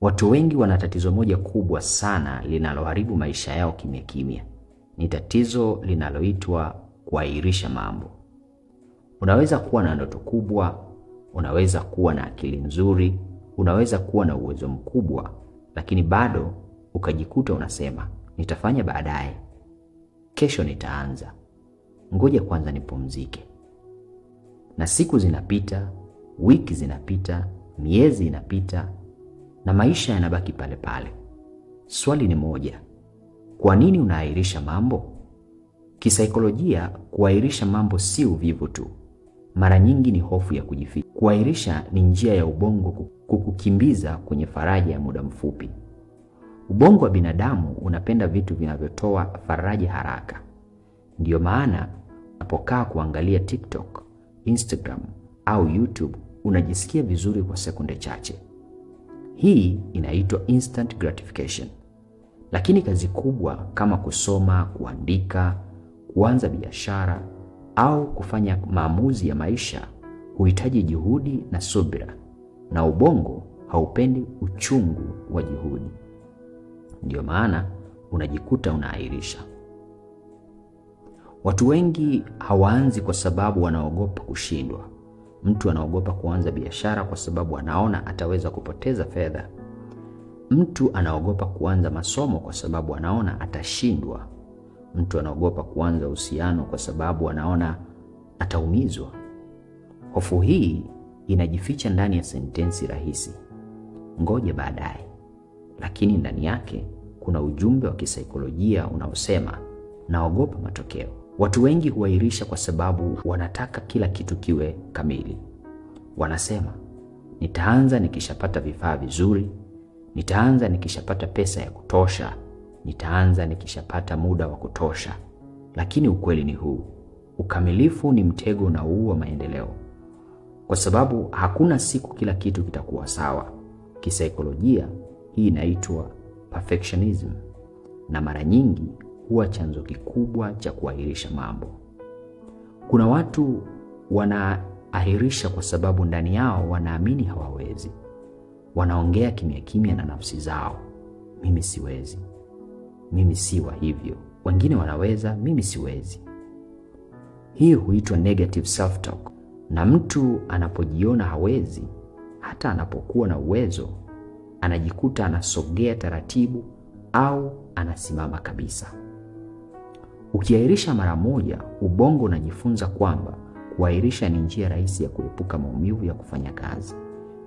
Watu wengi wana tatizo moja kubwa sana linaloharibu maisha yao kimya kimya. Ni tatizo linaloitwa kuahirisha mambo. Unaweza kuwa na ndoto kubwa, unaweza kuwa na akili nzuri, unaweza kuwa na uwezo mkubwa, lakini bado ukajikuta unasema nitafanya baadaye, kesho nitaanza, ngoja kwanza nipumzike. Na siku zinapita, wiki zinapita, miezi inapita na maisha yanabaki pale pale. Swali ni moja, kwa nini unaahirisha mambo? Kisaikolojia, kuahirisha mambo si uvivu tu, mara nyingi ni hofu ya kujificha. Kuahirisha ni njia ya ubongo kukukimbiza kwenye faraja ya muda mfupi. Ubongo wa binadamu unapenda vitu vinavyotoa faraja haraka. Ndiyo maana unapokaa kuangalia TikTok, Instagram au YouTube unajisikia vizuri kwa sekunde chache. Hii inaitwa instant gratification. Lakini kazi kubwa kama kusoma, kuandika, kuanza biashara au kufanya maamuzi ya maisha huhitaji juhudi na subira, na ubongo haupendi uchungu wa juhudi. Ndiyo maana unajikuta unaahirisha. Watu wengi hawaanzi kwa sababu wanaogopa kushindwa, Mtu anaogopa kuanza biashara kwa sababu anaona ataweza kupoteza fedha. Mtu anaogopa kuanza masomo kwa sababu anaona atashindwa. Mtu anaogopa kuanza uhusiano kwa sababu anaona ataumizwa. Hofu hii inajificha ndani ya sentensi rahisi, ngoja baadaye, lakini ndani yake kuna ujumbe wa kisaikolojia unaosema naogopa matokeo. Watu wengi huahirisha kwa sababu wanataka kila kitu kiwe kamili. Wanasema nitaanza nikishapata vifaa vizuri, nitaanza nikishapata pesa ya kutosha, nitaanza nikishapata muda wa kutosha. Lakini ukweli ni huu: ukamilifu ni mtego na wa maendeleo, kwa sababu hakuna siku kila kitu kitakuwa sawa. Kisaikolojia hii inaitwa perfectionism, na mara nyingi huwa chanzo kikubwa cha kuahirisha mambo. Kuna watu wanaahirisha kwa sababu ndani yao wanaamini hawawezi. Wanaongea kimya kimya na nafsi zao, mimi siwezi, mimi si wa hivyo, wengine wanaweza, mimi siwezi. Hii huitwa negative self talk, na mtu anapojiona hawezi, hata anapokuwa na uwezo, anajikuta anasogea taratibu au anasimama kabisa. Ukiahirisha mara moja, ubongo unajifunza kwamba kuahirisha ni njia rahisi ya kuepuka maumivu ya kufanya kazi.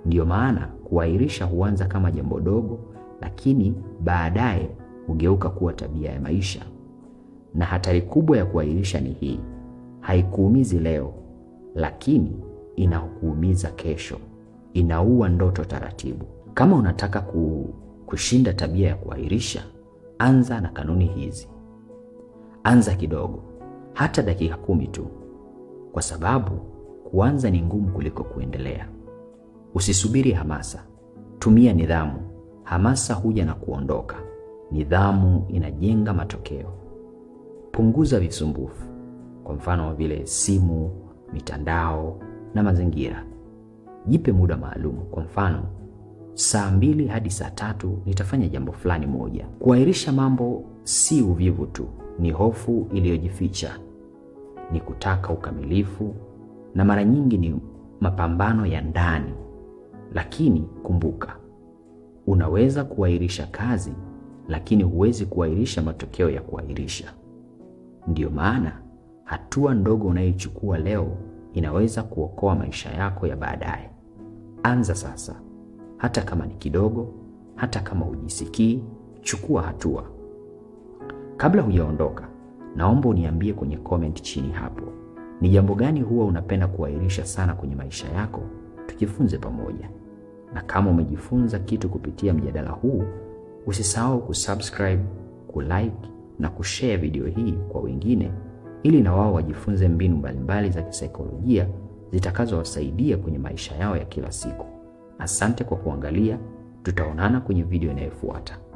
Ndiyo maana kuahirisha huanza kama jambo dogo, lakini baadaye hugeuka kuwa tabia ya maisha. Na hatari kubwa ya kuahirisha ni hii: haikuumizi leo, lakini inakuumiza kesho. Inaua ndoto taratibu. Kama unataka kushinda tabia ya kuahirisha, anza na kanuni hizi. Anza kidogo, hata dakika kumi tu, kwa sababu kuanza ni ngumu kuliko kuendelea. Usisubiri hamasa, tumia nidhamu. Hamasa huja na kuondoka, nidhamu inajenga matokeo. Punguza visumbufu, kwa mfano vile simu, mitandao na mazingira. Jipe muda maalum, kwa mfano saa mbili hadi saa tatu nitafanya jambo fulani moja. Kuahirisha mambo si uvivu tu, ni hofu iliyojificha, ni kutaka ukamilifu, na mara nyingi ni mapambano ya ndani. Lakini kumbuka, unaweza kuahirisha kazi, lakini huwezi kuahirisha matokeo ya kuahirisha. Ndiyo maana hatua ndogo unayoichukua leo inaweza kuokoa maisha yako ya baadaye. Anza sasa, hata kama ni kidogo, hata kama hujisikii, chukua hatua. Kabla hujaondoka, naomba uniambie kwenye koment chini hapo, ni jambo gani huwa unapenda kuahirisha sana kwenye maisha yako? Tujifunze pamoja, na kama umejifunza kitu kupitia mjadala huu, usisahau kusubscribe, kulike na kushare video hii kwa wengine, ili na wao wajifunze mbinu mbalimbali za kisaikolojia zitakazowasaidia kwenye maisha yao ya kila siku. Asante kwa kuangalia, tutaonana kwenye video inayofuata.